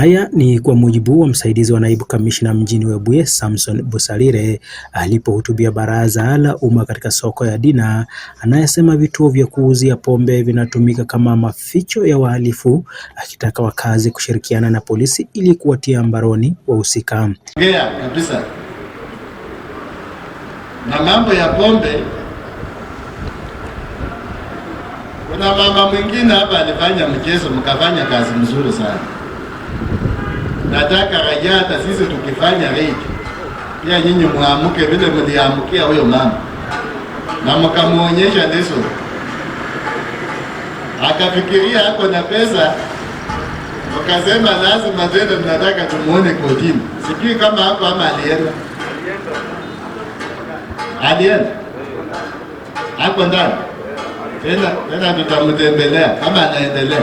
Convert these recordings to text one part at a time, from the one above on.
Haya ni kwa mujibu wa msaidizi wa naibu kamishna mjini Webuye Samson Busalire alipohutubia baraza la umma katika soko ya Dina, anayesema vituo vya kuuzia pombe vinatumika kama maficho ya wahalifu, akitaka wakazi kushirikiana na polisi ili kuwatia mbaroni wahusika. Ongea kabisa na mambo ya pombe. Kuna mama mwingine hapa alifanya mchezo, mkafanya kazi mzuri sana Nataka raja, hata sisi tukifanya reiki pia nyinyi muamuke vile mliamkia huyo mama na mkamuonyesha leso, akafikiria ako na pesa, mkasema lazima tena mnataka tumuone kotini. Sijui kama hapo ama alienda, alienda hako ndani tena, tena tutamtembelea kama anaendelea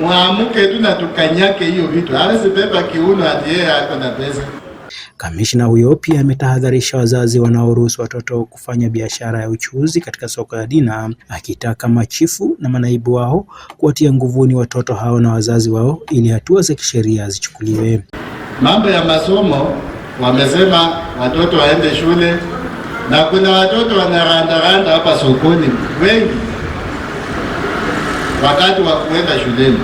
mwamuke tu na tukanyake hiyo vitu, hawezi pepa kiuno hadi yeye ako na pesa. Kamishna huyo pia ametahadharisha wazazi wanaoruhusu watoto kufanya biashara ya uchuuzi katika soko la Dina, akitaka machifu na manaibu wao kuwatia nguvuni watoto hao na wazazi wao ili hatua za kisheria zichukuliwe. Mambo ya masomo, wamesema watoto waende shule, na kuna watoto wanarandaranda hapa sokoni wengi wakati wa kuenda shuleni.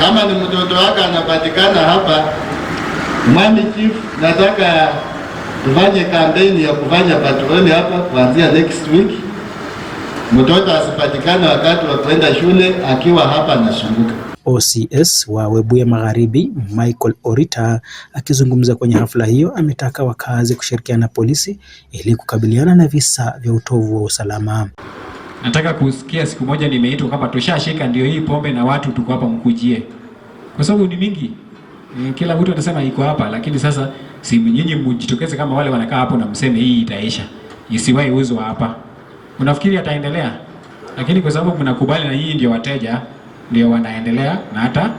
Kama ni mtoto wako anapatikana hapa Mwami Chief, nataka tufanye kampeni ya kufanya patroli hapa kuanzia next week. Mtoto asipatikane wakati wa kuenda shule akiwa hapa anazunguka. OCS wa Webuye Magharibi Michael Orita akizungumza kwenye hafla hiyo ametaka wakazi kushirikiana na polisi ili kukabiliana na visa vya utovu wa usalama. Nataka kusikia siku moja nimeitwa kama tushashika ndio hii pombe na watu tuko hapa mkujie. Kwa sababu ni mingi. Mm, kila mtu atasema iko hapa lakini sasa si nyinyi mjitokeze kama wale wanakaa hapo na mseme hii itaisha. Isiwahi uzwa hapa. Unafikiri ataendelea? Lakini kwa sababu mnakubali na hii ndio wateja ndio wanaendelea na hata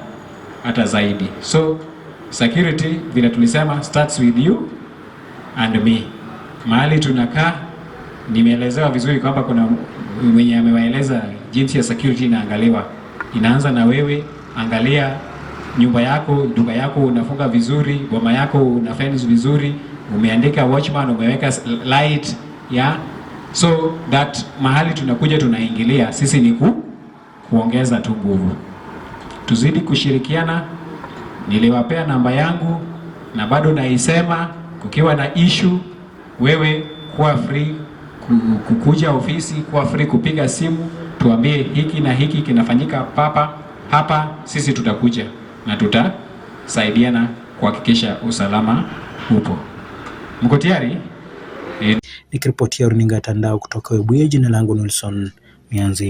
hata zaidi. So security vile tulisema starts with you and me. Mahali tunakaa nimeelezewa vizuri kwamba kuna mwenye amewaeleza jinsi ya security inaangaliwa. Inaanza na wewe, angalia nyumba yako, duka yako unafunga vizuri, boma yako una fence vizuri, umeandika watchman, umeweka light yeah. So that mahali tunakuja tunaingilia sisi ni ku, kuongeza tu nguvu, tuzidi kushirikiana. Niliwapea namba yangu na bado naisema, kukiwa na issue wewe kuwa free kukuja ofisi kwa free kupiga simu tuambie hiki na hiki kinafanyika papa hapa, sisi tutakuja na tutasaidiana kuhakikisha usalama upo. Mko tayari? Eh. Nikiripotia runinga Tandao kutoka Webuye, jina langu Nelson Mianzi.